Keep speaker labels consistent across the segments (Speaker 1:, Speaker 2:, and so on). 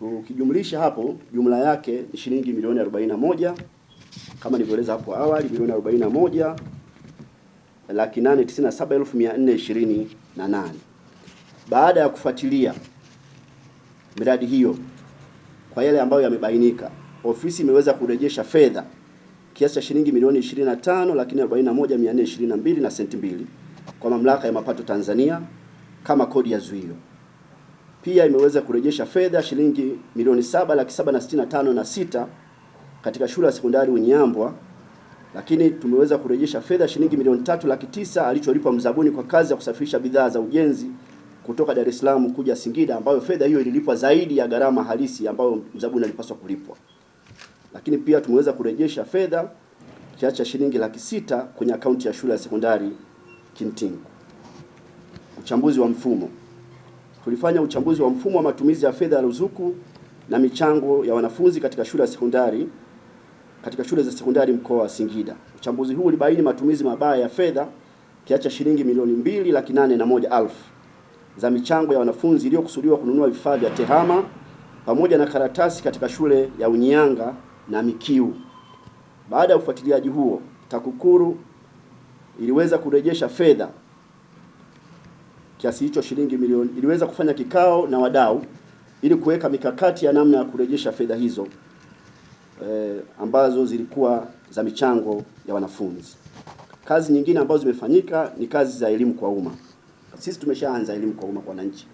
Speaker 1: Ukijumlisha hapo jumla yake ni shilingi milioni 41 kama nilivyoeleza hapo awali, milioni 41 laki nane na saba elfu mia nne na nane. Baada ya kufuatilia miradi hiyo kwa yale ambayo yamebainika, ofisi imeweza kurejesha fedha kiasi cha shilingi milioni 25 laki 41422 na senti mbili kwa mamlaka ya mapato Tanzania kama kodi ya zuio. Pia imeweza kurejesha fedha shilingi milioni saba laki saba na sitini na tano na sita katika shule ya sekondari Unyambwa, lakini tumeweza kurejesha fedha shilingi milioni tatu laki tisa alicholipwa mzabuni kwa kazi ya kusafirisha bidhaa za ujenzi kutoka Dar es Salaam kuja Singida, ambayo fedha hiyo ililipwa zaidi ya gharama halisi ambayo mzabuni alipaswa kulipwa. Lakini pia tumeweza kurejesha fedha kiasi cha shilingi laki sita kwenye akaunti ya shule ya sekondari Kintingu. Uchambuzi wa mfumo tulifanya uchambuzi wa mfumo wa matumizi ya fedha ya ruzuku na michango ya wanafunzi katika shule ya sekondari katika shule za sekondari mkoa wa Singida. Uchambuzi huu ulibaini matumizi mabaya ya fedha kiasi cha shilingi milioni mbili laki nane na moja alfu za michango ya wanafunzi iliyokusudiwa kununua vifaa vya tehama pamoja na karatasi katika shule ya Unyanga na Mikiu. Baada ya ufuatiliaji huo, TAKUKURU iliweza kurejesha fedha kiasi hicho shilingi milioni iliweza kufanya kikao na wadau ili kuweka mikakati ya namna ya kurejesha fedha hizo eh, ambazo zilikuwa za michango ya wanafunzi. Kazi nyingine ambazo zimefanyika ni kazi za elimu kwa umma. Sisi tumeshaanza elimu kwa umma kwa wananchi,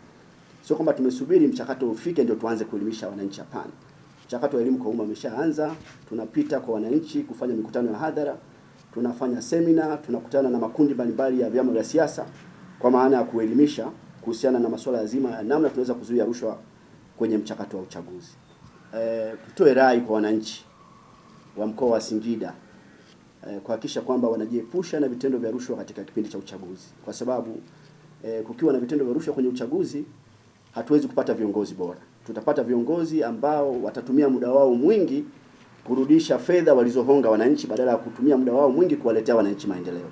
Speaker 1: sio kwamba tumesubiri mchakato ufike ndio tuanze kuelimisha wananchi, hapana. Mchakato wa elimu kwa umma umeshaanza. Tunapita kwa wananchi kufanya mikutano ya hadhara, tunafanya semina, tunakutana na makundi mbalimbali ya vyama vya siasa kwa maana ya kuelimisha kuhusiana na masuala yazima ya namna tunaweza kuzuia rushwa kwenye mchakato wa uchaguzi. E, tutoe rai kwa wananchi wa mkoa wa Singida e, kuhakikisha kwamba wanajiepusha na vitendo vya rushwa katika kipindi cha uchaguzi, kwa sababu e, kukiwa na vitendo vya rushwa kwenye uchaguzi hatuwezi kupata viongozi bora. Tutapata viongozi ambao watatumia muda wao mwingi kurudisha fedha walizohonga wananchi badala ya kutumia muda wao mwingi kuwaletea wananchi maendeleo.